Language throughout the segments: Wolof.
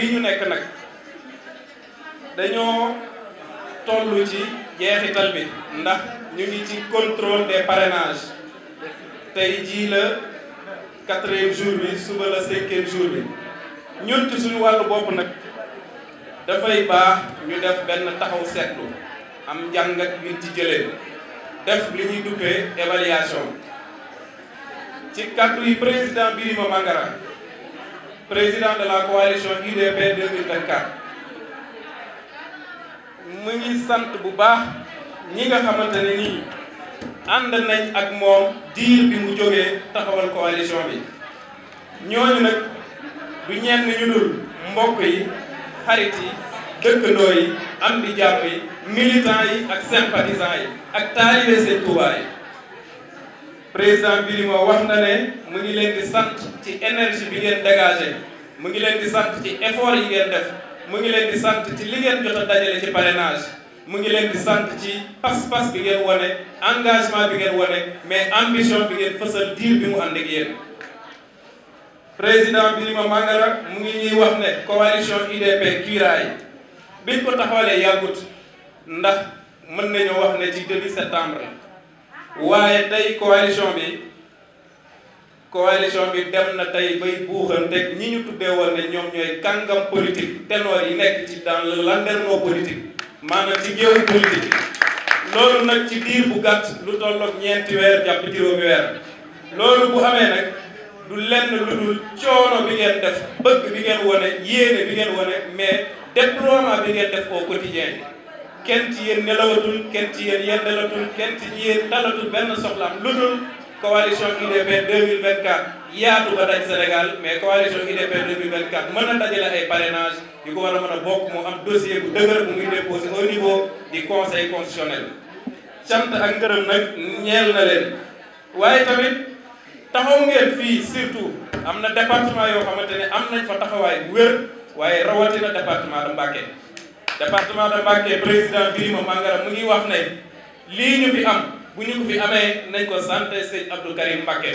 bii ñu nekk nag dañoo tollu ci jeexital bi ndax ñu ngi ci contrôle des parrainages tey jii la quatrième jour bi suba la cinquième jour bi ñun suñu wàll bopp nag dafay baax ñu def benn taxaw seetlu am njàngat yuñ ci jëlee def li ñuy duppee évaluation ci kàddu yi président Birima Mangara président de la coalition UDP 2024 mu ngi sant bu baax ñi nga xamante ne nii ànd nañ ak moom diir bi mu jógee taxawal coalition bi ñooñu nag du ñenn ñu dul mbokk yi xarit yi dëkkandoo yi am di jàpp yi militants yi ak sympathisants yi ak taalibe seen président moo wax na ne mu ngi leen di sant ci énergie bi ngeen dégagé mu ngi leen di sant ci effort yi ngeen def mu ngi leen di sant ci li ngeen jot a dajale ci parrainage mu ngi leen di sant ci pas-pas bi wa wane engagement bi ngeen wane mais ambition bi ngeen fësal diir bi mu ànd ak yéen. président Birima Mangara mu ngi ñuy wax ne coalition UDP Cuiraay biñ ko taxawalee yàggut ndax mën nañoo wax ne ci début septembre. waaye tey coalition bi coalition bi dem na tey bay buuxanteeg ñi ñu tuddee woon ne ñoom ñooy kàngam politique ténor yi nekk ci dans le landerneau politique maanaam ci géewu politique loolu nag ci diir bu gàtt lu tolloog ñeenti weer jàpp juróomi weer loolu bu amee nag du lenn lu dul coono bi ngeen def bëgg bi ngeen wane yéene bi ngeen wane mais déploiement bi ngeen def au quotidien kenn ci yéen nelawatul kenn ci yéen yéen dalatul kenn ci yéen dalatul benn soxlaam lu dul coalition UDP 2024 yaatu ba daj Sénégal mais coalition UDP 2024 mën a dajale ay parrainage yu ko war a mën a bokk mu am dossier bu dëgër mu muy déposé au niveau du conseil constitutionnel. cant ak ngërëm nag ñeel na leen waaye tamit taxaw ngeen fii surtout am na département yoo xamante ne am nañ fa taxawaay bu wér waaye rawatina département de département de Mbacké président Birima Mangara mu ngi wax ne lii ñu fi bu ñu ko fi amee nañ ko sant sëñ Abdou Karim Mbacké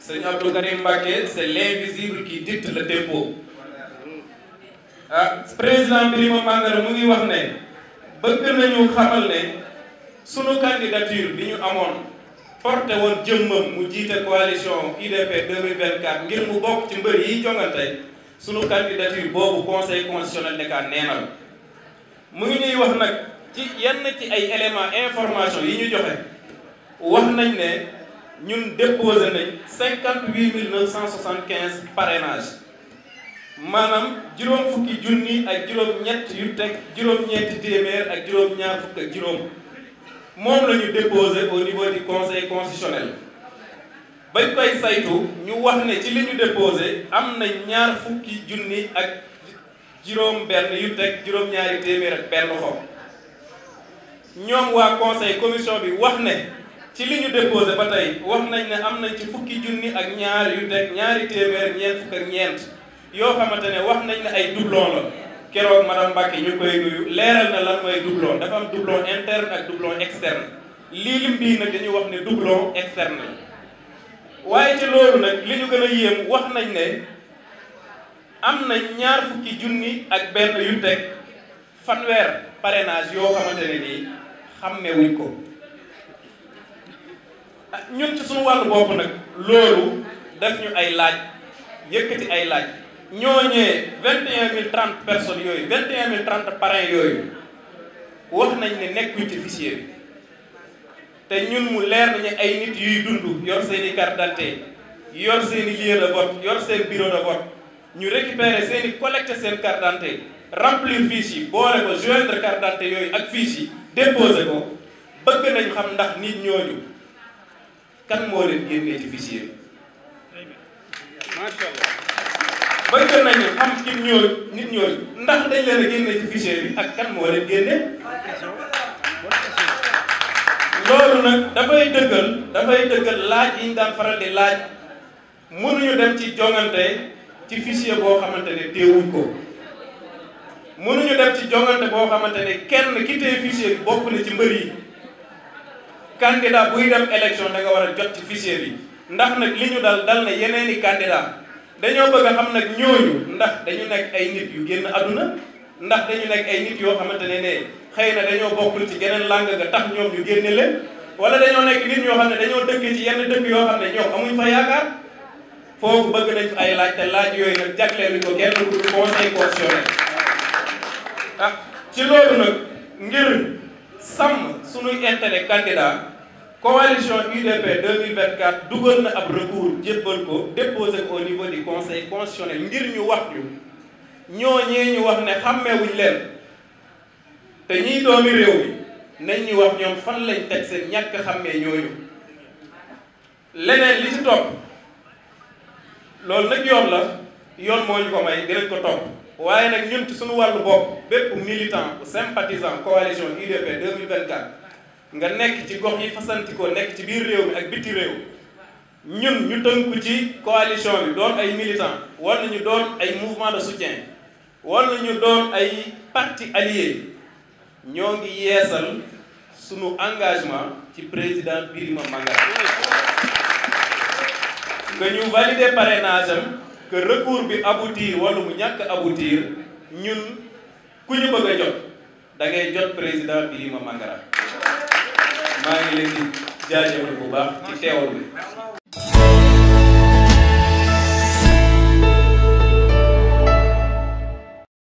sëñ Abdou Karim Mbacké c'est l'invisible qui dicte le tempo ah président Birima Mangara mu ngi wax ne bëgg nañu ne sunu candidature bi ñu amoon porté woon jëmmam mu jiite coalition UDP 2024 ngir mu bokk ci mbër yi jongante sunu candidature boobu conseil constitutionnel nekkaat neenal mu ngi ñuy wax nag ci yenn ci ay éléments information yi ñu joxe wax nañ ne ñun déposé nañ cinquante huit mille neuf cent soixante quinze parrainage maanaam juróom fukki junni ak juróom-ñett yu teg juróom-ñetti téeméer ak juróom-ñaar fukk ak juróom moom la ñu déposé au niveau du conseil constitutionnel. bañ koy saytu ñu wax ne ci li ñu déposé am na ñaar fukki junni ak juróom benn yu teg juróom-ñaari téeméer ak benn xob ñoom waa conseil commission bi wax ne ci li ñu déposé ba tey wax nañ ne am nañ ci fukki junni ak ñaar yu teg ñaari téeméer ak ñeent fukk ak ñeent yoo xamante ne wax nañ ne ay doublon la keroog madame Mbacke ñu koy leeral na lan mooy doublon dafa am doublon interne ak doublon externe lii lim bii nag dañuy wax ne doublon externe la waaye ci loolu nag li ñu gën a yéem wax nañ ne am na ñaar fukki junni ak benn yu teg fanweer parrainage yoo xamante ne nii xàmmewuñ ko ah, ñun ci suñu wàllu bopp nag loolu def ñu ay laaj yëkkati ay laaj ñooñee vingt et un mille trente yooyu vingt et un mille trente yooyu wax nañ ne nekkuñ ci fichier bi te ñun mu leer nañu ay nit yuy dund yor seeni i carte yor seen i lieu de yor seen bureau de vote ñu récupérer seen i collecté seen carte d'identité remplir fiche yi boole ko joindre carte d'identité yooyu ak fiche yi déposer ko bëgg nañ xam ndax nit ñooñu kan moo leen génnee ci fichier macha allah bëgg nañu xam nit ñooñu nit ñooñu ndax dañ leen a génnee ci fichier bi ak kan moo leen génnee loolu nag dafay dëggal dafay dëggal laaj yi ñu daan faral di laaj mënuñu dem ci jongante ci fichier boo xamante ne téewuñ ko mënuñu dem ci jongante boo xamante ne kenn ki téye fichier bi bokk na ci mbër yi candidat buy dem élection da nga war a jot ci fichier bi ndax nag li ñu dal dal na yeneeni candidat dañoo bëgg xam nag ñooñu ndax dañu nekk ay nit yu génn àdduna ndax dañu nekk ay nit yoo xamante ne ne xëy na dañoo bokkul ci geneen làng ga tax ñoom ñu génne leen wala dañoo nekk nit ñoo xam ne dañoo dëkk ci yenn dëkk yoo xam ne ñoom amuñ fa yaakaar foofu bëgg nañu ay laaj laaj yooyu nag jagleeluñ ko kenn ku dul conseil constitutionnel ah ci loolu nag ngir sàmm suñuy intérêt candidat coalition UDP 2024 dugal na ab recours jébbal ko déposé ko au niveau du conseil constitutionnel ngir ñu wax ñu ñooñee ñu wax ne xàmmeewuñ leen te ñiy doomi réew mi nañ ñu wax ñoom fan lañ teg seen ñàkk xàmmee ñooñu leneen li ci topp loolu nag yoon la yoon moo ñu ko may dinañ ko topp waaye nag ñun ci suñu wàllu bopp bépp militant sympathisant coalition UDP 2024 nga nekk ci gox yi fasantikoo nekk ci biir réew mi ak biti réew ñun ñu tënku ci coalition bi doon ay militant war nañu doon ay mouvement de soutien wala ñu doon ay parti allié ñoo ngi yeesal sunu engagement ci président Birima Mangara que ñu valider parrainage am que recours bi aboutir wala mu ñàkk aboutir ñun ku ñu bëgg a jot da ngay jot président Birima Mangara maa ngi leen di jaajëfal bu baax ci teewal bi